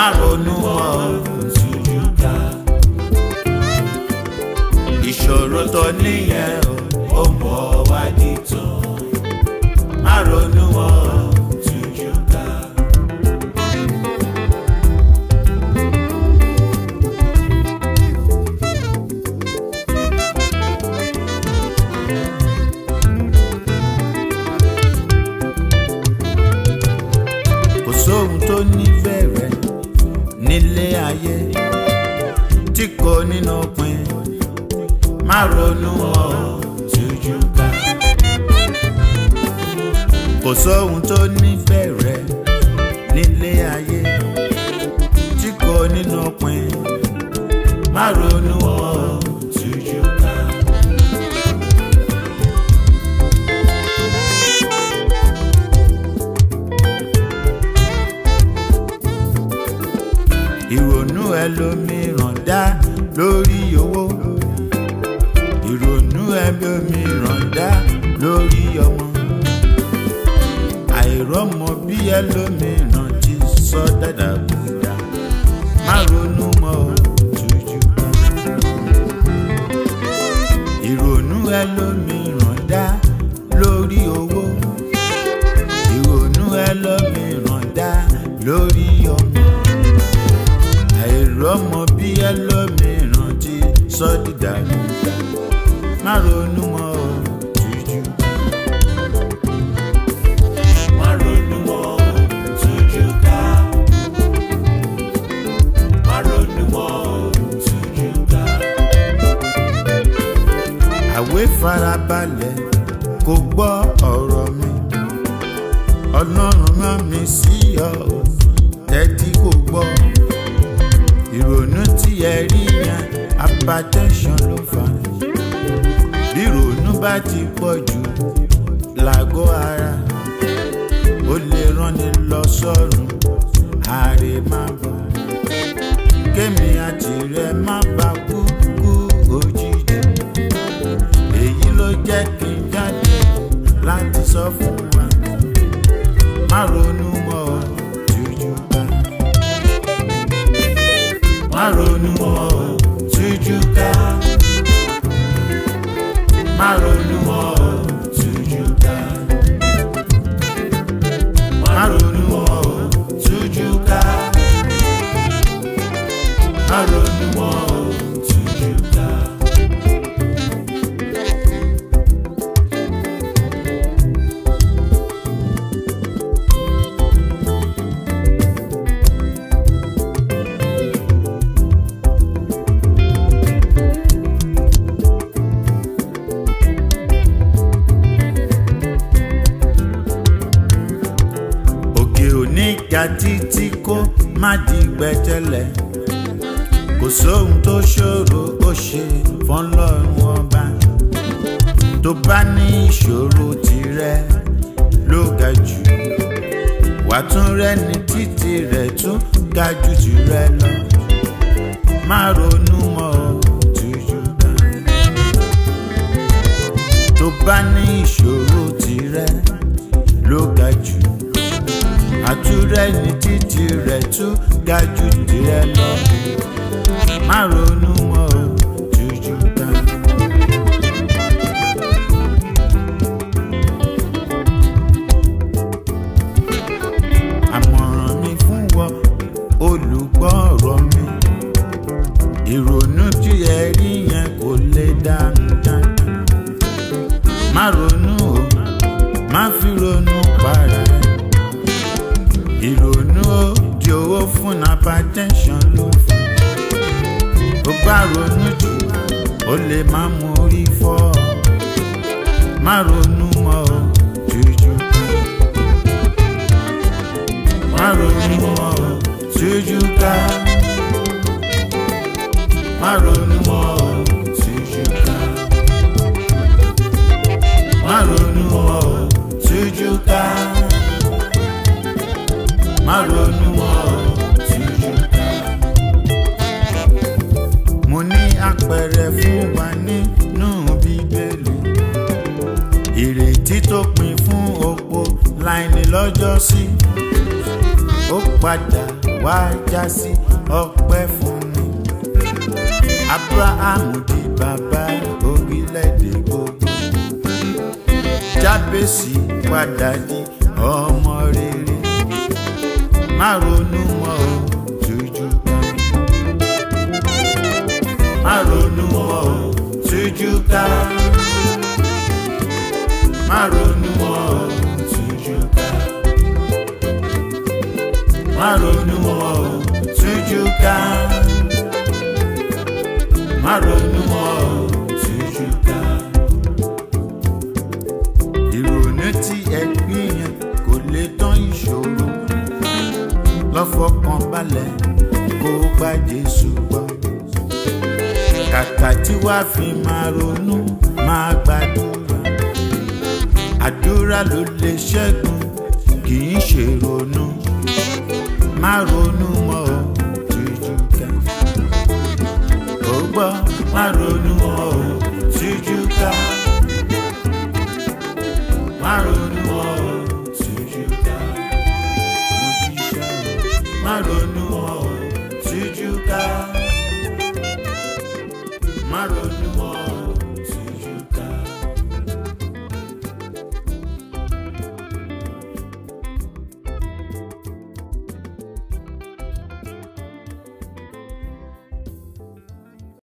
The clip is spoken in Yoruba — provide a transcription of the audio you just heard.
má ronú mọ́ òtújúká ìṣòro tó níyẹn ó mọ̀ wá dìtàn má ronú mọ́. yeye tí kò nínú pin má ronú ọ̀ tójú ká. kò sóhun tó nífẹ̀ẹ́ rẹ nílé ayé tí kò nínú pin má ronú ẹlòmíràn dá lórí owó ìrònú ẹlòmíràn dá lórí ọmọ àìrọ́mọ bí ẹlòmíràn ti sọ buda. má ronú mọ́ o jùjú ìrònú ẹlòmíràn. fara balẹ̀ kó gbọ́ ọ̀rọ̀ mi ọlọ́run rán mi sí ọ ò tẹ́tí kó gbọ́ ìrònú tí ẹ rí yẹn hypertension ló fà bí ìrònú bá ti pọ̀ jù làgọ́ ara ó lè ránni lọ sọ́run àárẹ̀ má bọ̀ kémi àtìrẹ́ má bá kú. ronúmọ́ tújú ká má ronúmọ́ tújú ká má ronúmọ́ tújú ká má ronúmọ́. ìjà títí kó má di gbẹ̀tẹ̀lẹ̀ kò sóhun tó ṣòro ó ṣe fọ́nlọ́run ọba tó bá ní ìṣòro tirẹ̀ ló ga jù wà tún rẹ ní títí rẹ̀ tún ga jù tirẹ̀ lọ má ronú mọ́ tìjú bá ní ìṣòro tirẹ̀. tún ga jù tirẹ̀ lọ. ó lè má mú orí fọ́ má Mo mọ́ o jújú má ronú mọ́ o jújú ká má ronú mọ́ o jújú ká má ronú mọ́ lọ́jọ́ sí ó padà wá já sí ọpẹ́ fún mi. Abraham di bàbá orílẹ̀-èdè gbogbo Jábèsì padà di ọmọ rere má ronú mọ́ o tújú ká má ronú mọ́ o tújú ká má ronú mọ́. Maronu ronú mọ́ o tújú ká má ronú mọ́ o tújú ká. ìrònú tí ẹ gbìyàn kò lè tán ìṣòro lọ́fọ̀ọ́kan balẹ̀ kó gba Jésù gbọ́ kàkà tí wàá fi máa máa gbàdúrà àdúrà ló lè ṣẹ́gun kì í ṣe ronú. má ronú mọ́ ò